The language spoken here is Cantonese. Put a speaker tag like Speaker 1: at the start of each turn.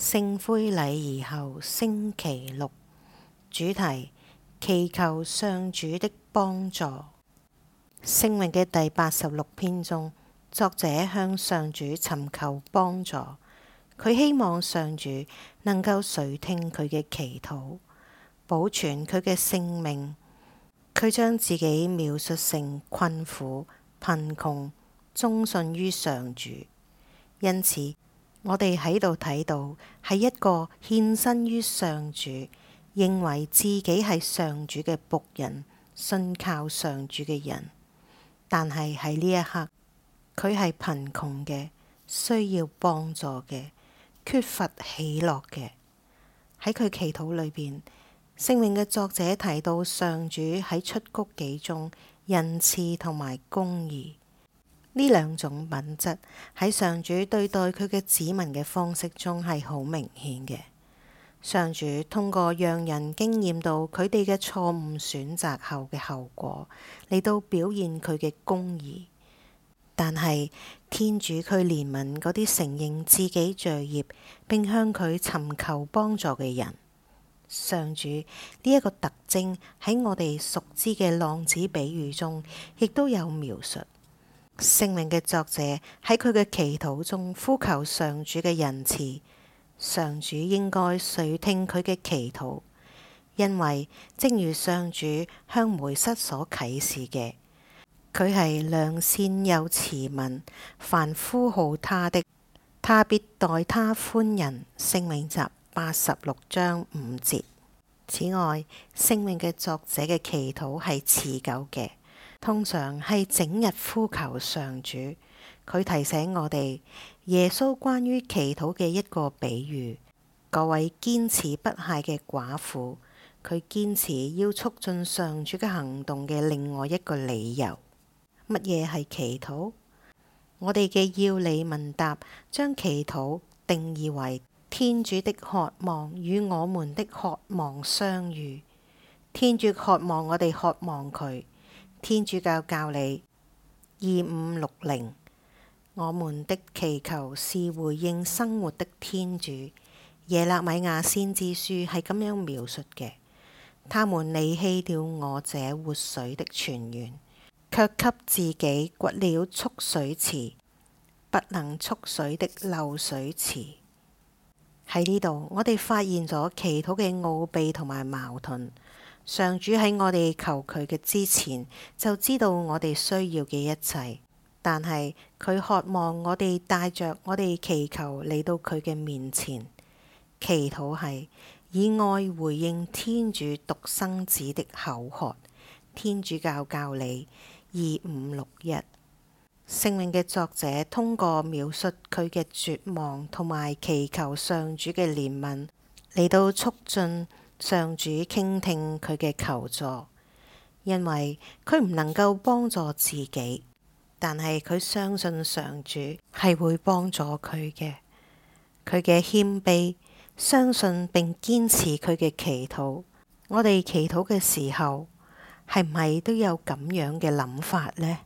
Speaker 1: 聖灰禮儀後星期六主題：祈求上主的幫助。聖詠嘅第八十六篇中，作者向上主尋求幫助，佢希望上主能夠垂聽佢嘅祈禱，保存佢嘅性命。佢將自己描述成困苦、貧窮、忠信於上主，因此，我哋喺度睇到，係一個獻身於上主，認為自己係上主嘅僕人，信靠上主嘅人。但係喺呢一刻，佢係貧窮嘅，需要幫助嘅，缺乏喜樂嘅。喺佢祈禱裏邊，聖詠嘅作者提到上主喺出谷紀中仁慈同埋公義。呢兩種品質喺上主對待佢嘅子民嘅方式中係好明顯嘅。上主通過讓人經驗到佢哋嘅錯誤選擇後嘅後果，嚟到表現佢嘅公義。但係天主佢憐憫嗰啲承認自己罪孽並向佢尋求幫助嘅人。上主呢一個特徵喺我哋熟知嘅浪子比喻中，亦都有描述。聖詠嘅作者喺佢嘅祈禱中呼求上主嘅仁慈，上主應該垂聽佢嘅祈禱，因為正如上主向梅瑟所啟示嘅，佢係良善又慈憫，凡呼號他的，他必待他寬仁，聖詠集八十六章五節。此外，聖詠嘅作者嘅祈禱係持久嘅。通常係整日呼求上主，佢提醒我哋耶穌關於祈禱嘅一個比喻。各位堅持不懈嘅寡婦，佢堅持要促進上主嘅行動嘅另外一個理由，乜嘢係祈禱？我哋嘅要理問答將祈禱定義為天主的渴望與我們的渴望相遇。天主渴望我哋渴望佢。天主教教理二五六零，60，我們的祈求是回應生活的天主。耶勒米亞先知書係咁樣描述嘅：他們離棄了我這活水的泉源，卻給自己掘了蓄水池，不能蓄水的漏水池。喺呢度，我哋發現咗祈禱嘅奧秘同埋矛盾。上主喺我哋求佢嘅之前，就知道我哋需要嘅一切，但係佢渴望我哋帶着我哋祈求嚟到佢嘅面前，祈禱係以愛回應天主獨生子的口渴。天主教教理二五六一，聖詠嘅作者通過描述佢嘅絕望同埋祈求上主嘅憐憫嚟到促進。上主傾聽佢嘅求助，因為佢唔能夠幫助自己，但係佢相信上主係會幫助佢嘅。佢嘅謙卑，相信並堅持佢嘅祈禱。我哋祈禱嘅時候，係唔係都有咁樣嘅諗法呢？